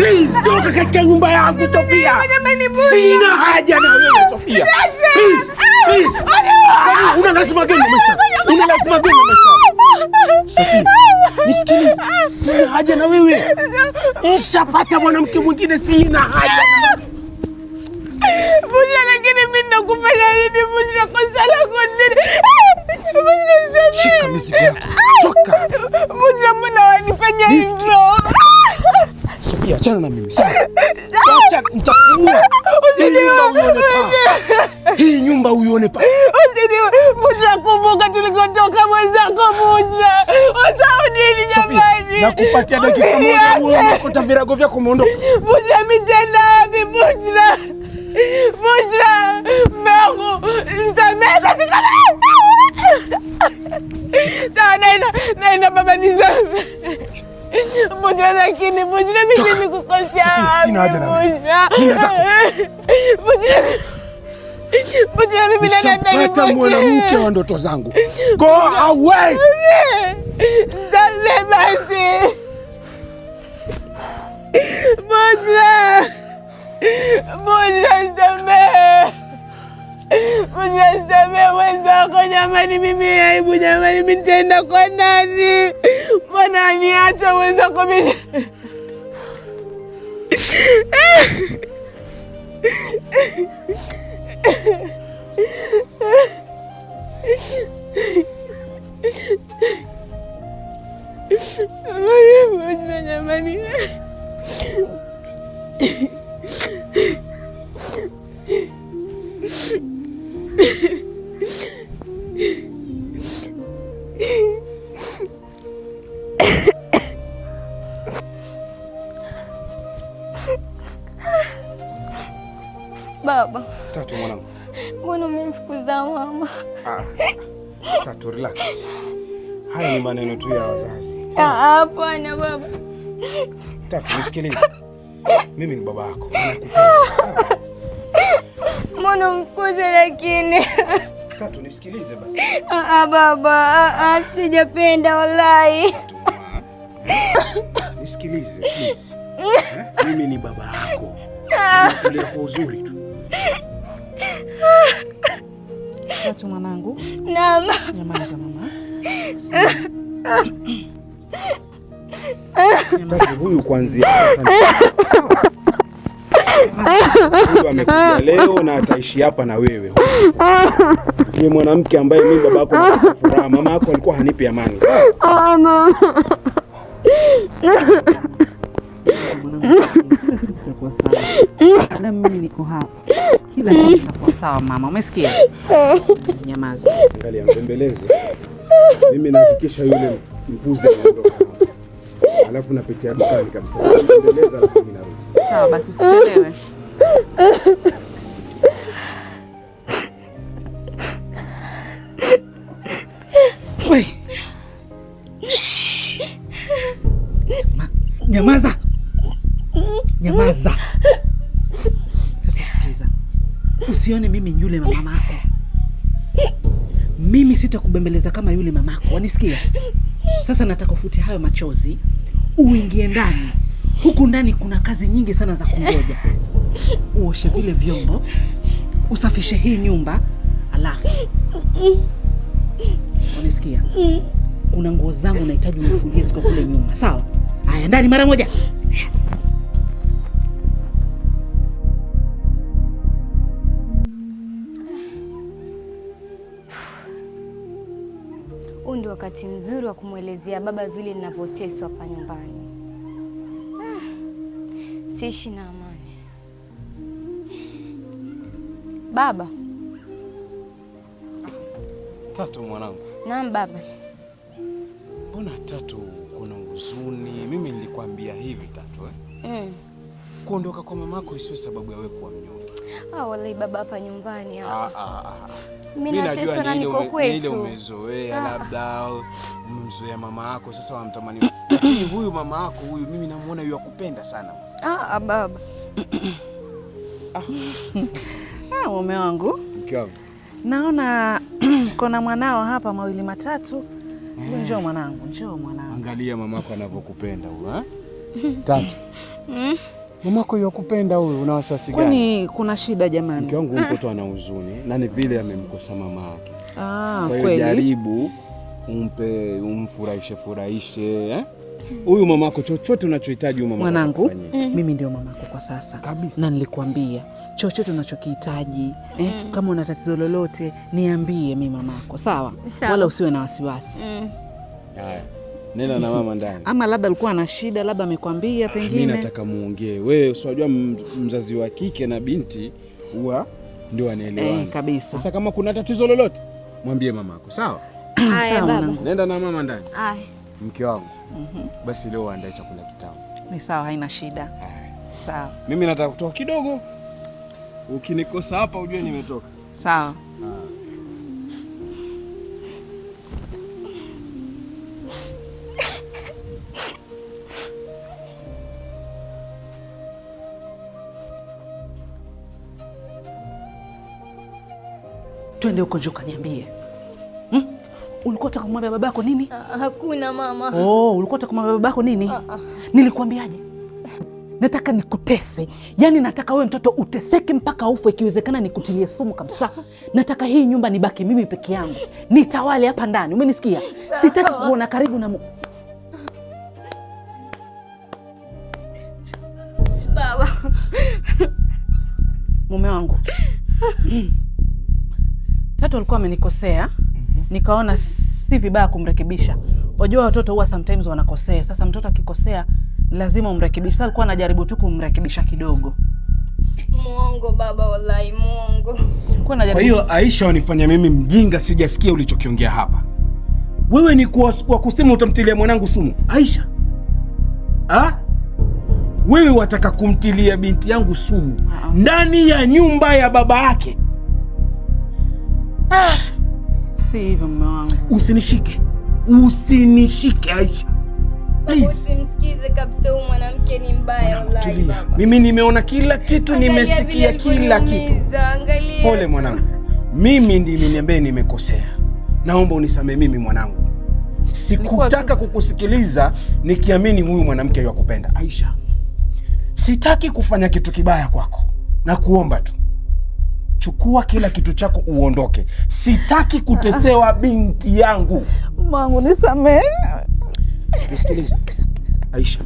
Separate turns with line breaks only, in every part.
Please toka katika nyumba yangu Sofia. Sina haja na wewe Sofia. Please, please. Yaani, una lazima gani maisha? Una lazima gani maisha? Sofia, nisikilize. Sina haja na wewe. Nishapata mwanamke mwingine sina haja.
Bujana, lakini mimi nakufanya nini? Bujana, kosa lako nini? Bujana,
shika mizigo yako. Toka.
Bujana, mbona wanifanya hivyo?
Sofia, achana na mimi. Acha nitakuua. Hii nyumba uione pa.
Usiniwe. Mujra, kumbuka tulikotoka mwenzako Mujra. Usahau nini jamani?
Nakupatia dakika moja uone kota virago vyako umeondoka.
Mujra mitenda wapi Mujra? Mujra. Bujira, mimi nimekukosea Bujira, mimi
mwanamke wa ndoto zangu. Go away.
Sasa basi Bujira, Bujira samehe, Bujira samehe mwenzako. Jamani, mimi aibu jamani, mimi nitaenda kwa nani? Mbona niacha mwenzako mimi Ой, боже бачення Baba Tatu, mwanangu, mbona umemfukuza mama? Ah,
Tatu, relax. Haya ni maneno tu ya wazazi.
Ah, hapana baba
Tatu, nisikilize. Mimi ni baba yako,
mbona umkuze? Lakini
Tatu, nisikilize basi.
Ah, ah baba, ah, ah, sijapenda wallahi.
Nisikilize please. Eh? Mimi ni baba yako, kulea kwa uzuri tu. Tatu mwanangu. Naam. Nyamaza mama. Tatu huyu kuanzia sasa amekuja leo na ataishi hapa na wewe. Ni mwanamke ambaye mimi baba yako furaha, mama yako alikuwa hanipi amani.
Oh,
mwanangu, itakuwa sawa. Madam mimi niko hapa, kila kitu kitakuwa sawa mama, umesikia? Nyamaza, angalia mpembelezi. Mimi nahakikisha yule mpuzi anaondoka alafu napitia dukani kabisa, mpembeleza Sawa basi, usichelewe. Nyamaza. Nyamaza. Sasa sikiza, usione mimi yule mama yako, mimi sitakubembeleza kama yule mama wanisikia? Sasa nataka ufute hayo machozi, uingie ndani. Huku ndani kuna kazi nyingi sana za kungoja. Uoshe vile vyombo, usafishe hii nyumba, alafu wanisikia? Kuna nguo zangu nahitaji unifulie, ziko kule nyuma. Sawa? Haya, ndani mara moja.
wakati mzuri wa kumwelezea baba vile ninavyoteswa hapa nyumbani. Ah, siishi na amani. Baba
Tatu, mwanangu. Naam baba. Mbona Tatu kuna huzuni? Mimi nilikwambia hivi Tatu eh? Mm. Kuondoka kwa mamako isiwe sababu ya wewe kuwa mnyonge.
Ah, wallahi baba hapa nyumbani ah, ah, ah.
ah mimi nateswa niko kwetu. Ile umezoea ah. labda umemzoea mama yako, sasa wamtamani. Lakini huyu mama yako huyu mimi namuona yeye akupenda sana.
Ah, ah baba. Ah. ah, mume wangu. Naona kuna mwanao hapa mawili matatu. Eh. Njoo mwanangu, njoo mwanangu.
Angalia mamako anavyokupenda huyu, Tatu. Mamako yakupenda huyu, una wasiwasi
gani? Kwani kuna shida jamani?
Mke wangu mtoto ana huzuni na ni vile amemkosa mama yake. Ah, kwa hiyo jaribu umpe, umfurahishe furahishe eh? Huyu mamako chochote unachohitaji huyu
mama. Mwanangu, mimi ndio mamako kwa sasa kabisa, na nilikwambia chochote unachokihitaji eh, mm. Kama una tatizo lolote niambie, mi mamako sawa, sawa. Wala usiwe na wasiwasi mm.
Nena na mama ndani.
Ama labda alikuwa na shida, labda amekwambia ah,
pengine. Mimi nataka muongee. Wewe unajua mzazi wa kike na binti huwa ndio anaelewana. Eh, kabisa. Sasa kama kuna tatizo lolote mwambie mamako, sawa?
Haya baba.
Nenda na mama ndani. Haya. Mke wangu. Mhm. Basi leo andae chakula kitamu.
Ni sawa, haina shida. Sawa.
Mimi nataka kutoka kidogo. Ukinikosa hapa ujue nimetoka.
Sawa. Haya. Ah.
twende huko juu kaniambie. Hmm? Ulikuwa unataka kumwambia babako nini?
Ah, hakuna mama.
Oh, ulikuwa unataka kumwambia babako nini? Ah, ah. nilikuambiaje Nataka nikutese, yaani nataka wewe mtoto uteseke mpaka ufe, ikiwezekana nikutilie sumu kabisa. Nataka hii nyumba nibaki mimi peke yangu, nitawale hapa ndani, umenisikia? Sitaki kuona karibu na mu...
baba mume wangu watu walikuwa wamenikosea mhm. nikaona si vibaya kumrekebisha. Wajua watoto huwa sometimes wanakosea. Sasa mtoto akikosea lazima umrekebishe. Sasa alikuwa anajaribu tu kumrekebisha kidogo. Muongo baba, wallahi muongo.
Kwa hiyo Aisha, wanifanya mimi mjinga, sijasikia ulichokiongea hapa. Wewe ni kwa kusema utamtilia mwanangu sumu Aisha ha? Wewe wataka kumtilia binti yangu sumu ah, ah. ndani ya nyumba ya baba yake
si hivyo mume wangu,
usinishike, usinishike Aisha.
Usimsikize kabisa huyu mwanamke ni mbaya wallahi
baba. Mimi nimeona kila kitu, nimesikia kila kitu. Pole mwanangu, mimi ndimi niambie nimekosea, naomba unisamee mimi mwanangu, sikutaka kukusikiliza nikiamini huyu mwanamke yakupenda. Aisha, sitaki kufanya kitu kibaya kwako, nakuomba tu Chukua kila kitu chako uondoke, sitaki kutesewa binti yangu.
Mwangu nisamehe.
Nisikilize Aisha,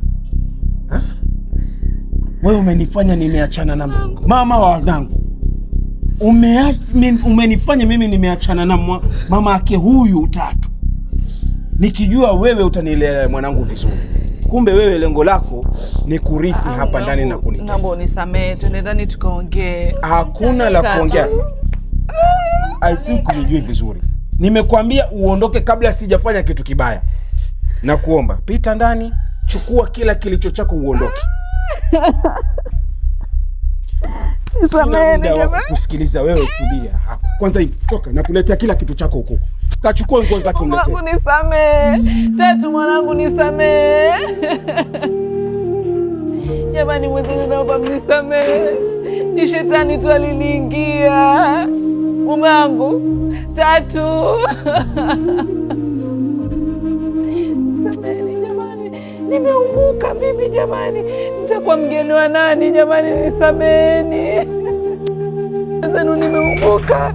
wewe umenifanya nimeachana na mama wa wanangu, umenifanya mimi nimeachana na mama yake huyu tatu, nikijua wewe utanielea mwanangu vizuri kumbe wewe lengo lako ni kurithi ah, hapa ndani na
kunitesa. Nisamehe, twende ndani tukaongee.
Hakuna la kuongea. I think unijui vizuri, nimekuambia uondoke kabla sijafanya kitu kibaya. na kuomba pita ndani, chukua kila kilicho chako uondoke.
Sina muda wa kusikiliza
wewe, kulia hapa kwanza. Toka, nakuletea kila kitu chako huko Kachukua nguo zake umlete.
Mwanangu nisamee. Tatu mwanangu nisamee. Jamani mwenzenu naomba mnisamee. Ni shetani tu aliniingia. Mume wangu Tatu. Nimeumuka mimi jamani, nitakuwa mgeni wa nani jamani? Nisameni wenzenu, nimeumuka.